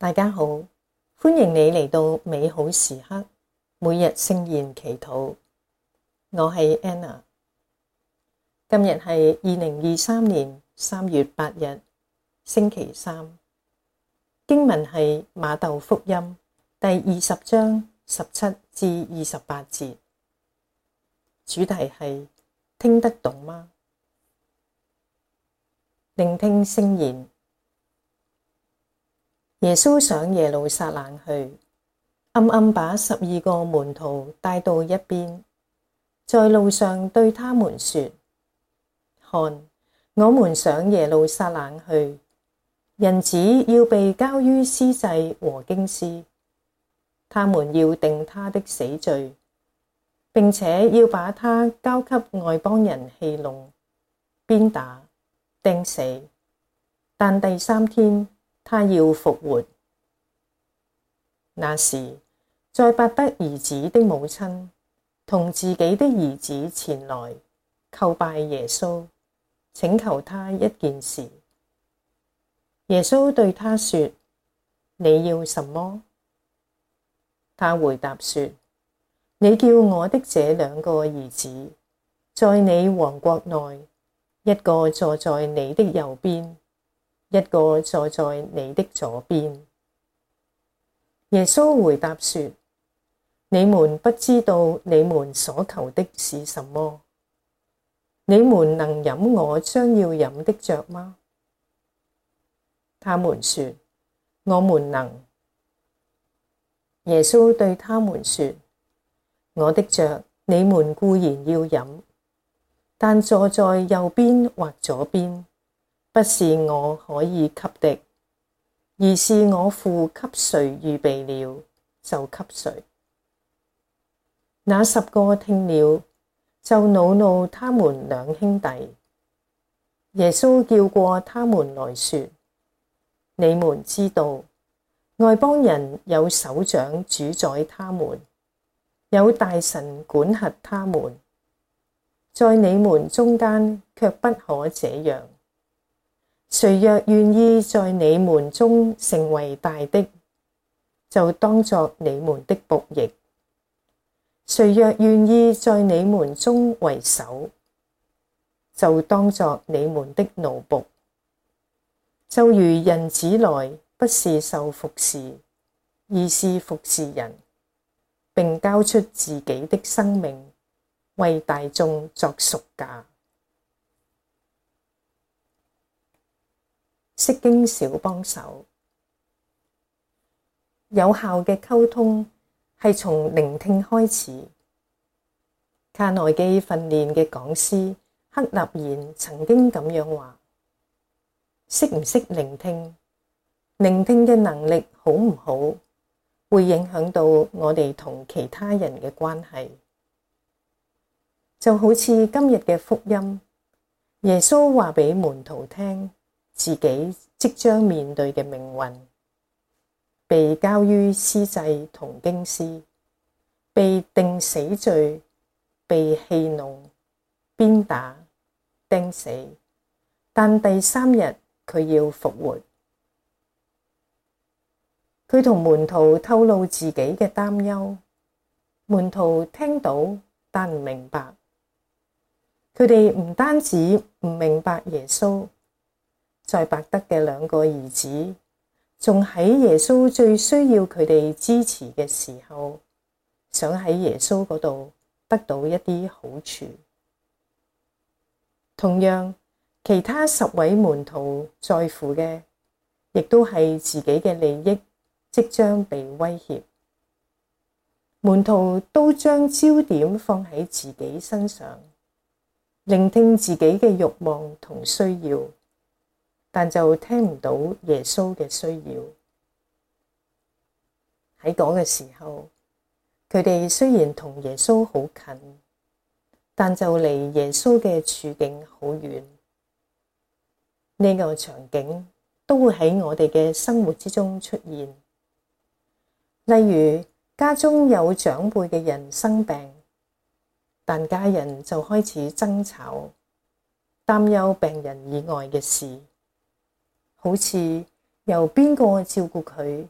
大家好，歡迎你嚟到美好時刻，每日聖言祈禱。我係 Anna，今日係二零二三年三月八日，星期三。經文係馬竇福音第二十章十七至二十八節，主題係聽得懂嗎？聆聽聖言。耶穌上耶路撒冷去，暗暗把十二個門徒帶到一邊，在路上對他們說：看，我們上耶路撒冷去，人子要被交於司祭和經師，他們要定他的死罪，並且要把他交給外邦人戲弄、鞭打、釘死。但第三天，他要復活。那時，載伯德兒子的母親同自己的兒子前來叩拜耶穌，請求他一件事。耶穌對他說：你要什麼？他回答說：你叫我的這兩個兒子，在你王國內，一個坐在你的右邊。一個坐在你的左邊。耶穌回答說：你們不知道你們所求的是什麼。你們能飲我將要飲的爵嗎？他們說：我們能。耶穌對他們說：我的爵你們固然要飲，但坐在右邊或左邊，不是我可以給的，而是我父給誰預備了，就給誰。那十個聽了，就惱怒、怒他們兩兄弟。耶穌叫過他們來說：你們知道，外邦人有首長主宰他們，有大臣管轄他們，在你們中間卻不可這樣。誰若願意在你們中成為大的，就當作你們的僕役；誰若願意在你們中為首，就當作你們的奴僕。就如人子來，不是受服事，而是服事人，並交出自己的生命，為大眾作贖價。釋經小幫手，有效嘅溝通係從聆聽開始。卡內基訓練嘅講師黑立言曾經咁樣話：識唔識聆聽，聆聽嘅能力好唔好，會影響到我哋同其他人嘅關係。就好似今日嘅福音，耶穌話俾門徒聽，自己即將面對嘅命運，載伯德嘅兩個兒子，仲喺耶穌最需要佢哋支持嘅時候，想喺耶穌嗰度得到一啲好處。同樣，其他十位門徒在乎嘅，亦都係自己嘅利益即將被威脅。門徒都將焦點放喺自己身上，聆聽自己嘅欲望同需要。但就聽唔到耶穌嘅需要。喺嗰個時候，佢哋雖然同耶穌好近，但就離耶穌嘅處境好遠。呢個場景都會喺我哋嘅生活之中出現，例如家中有長輩嘅人生病，但家人就開始爭吵，擔憂病人以外嘅事。好似由邊個照顧佢、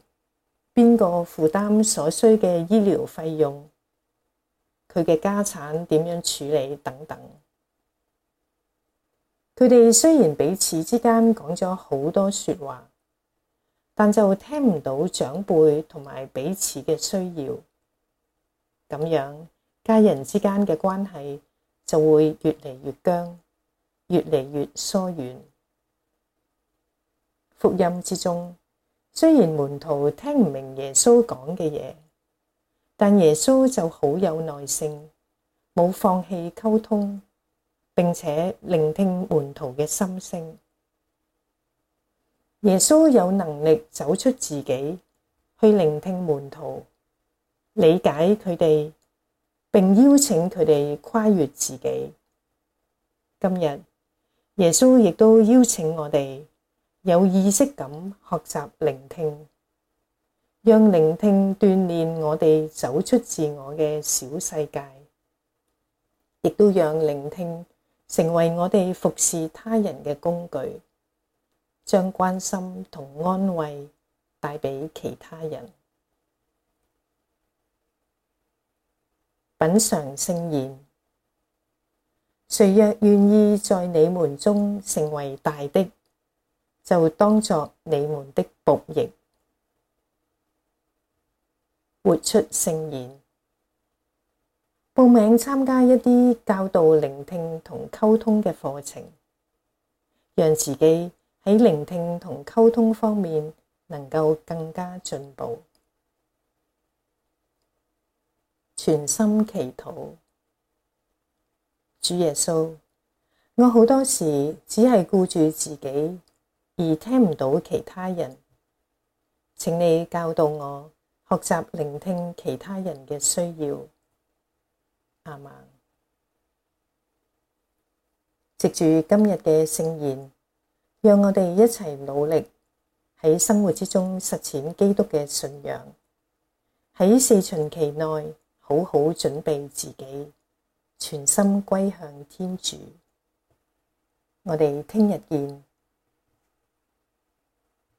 邊個負擔所需嘅醫療費用、佢嘅家產點樣處理等等。佢哋雖然彼此之間講咗好多說話，但就聽唔到長輩同埋彼此嘅需要。咁樣家人之間嘅關係就會越嚟越僵，越嚟越疏遠。福音之中，雖然門徒聽唔明耶穌講嘅嘢，但耶穌就好有耐性，冇放棄溝通，並且聆聽門徒嘅心聲。耶穌有能力走出自己，去聆聽門徒，理解佢哋，並邀請佢哋跨越自己。今日，耶穌亦都邀請我哋,有意識咁學習聆聽，讓聆聽鍛煉我哋走出自我嘅小世界，亦都讓聆聽成為我哋服侍他人嘅工具，將關心同安慰帶畀其他人。品嚐聖言，誰若願意在你們中成為大的，就當作你們的僕役，活出聖言。報名參加一啲教導、聆聽同溝通嘅課程，讓自己喺聆聽同溝通方面能夠更加進步。全心祈禱，主耶穌，我好多時只係顧住自己。而聽唔到其他人，請你教導我學習聆聽其他人嘅需要，阿們。藉住今日嘅聖言，讓我哋一齊努力喺生活之中實踐基督嘅信仰，喺四旬期內好好準備自己，全心歸向天主。我哋聽日見。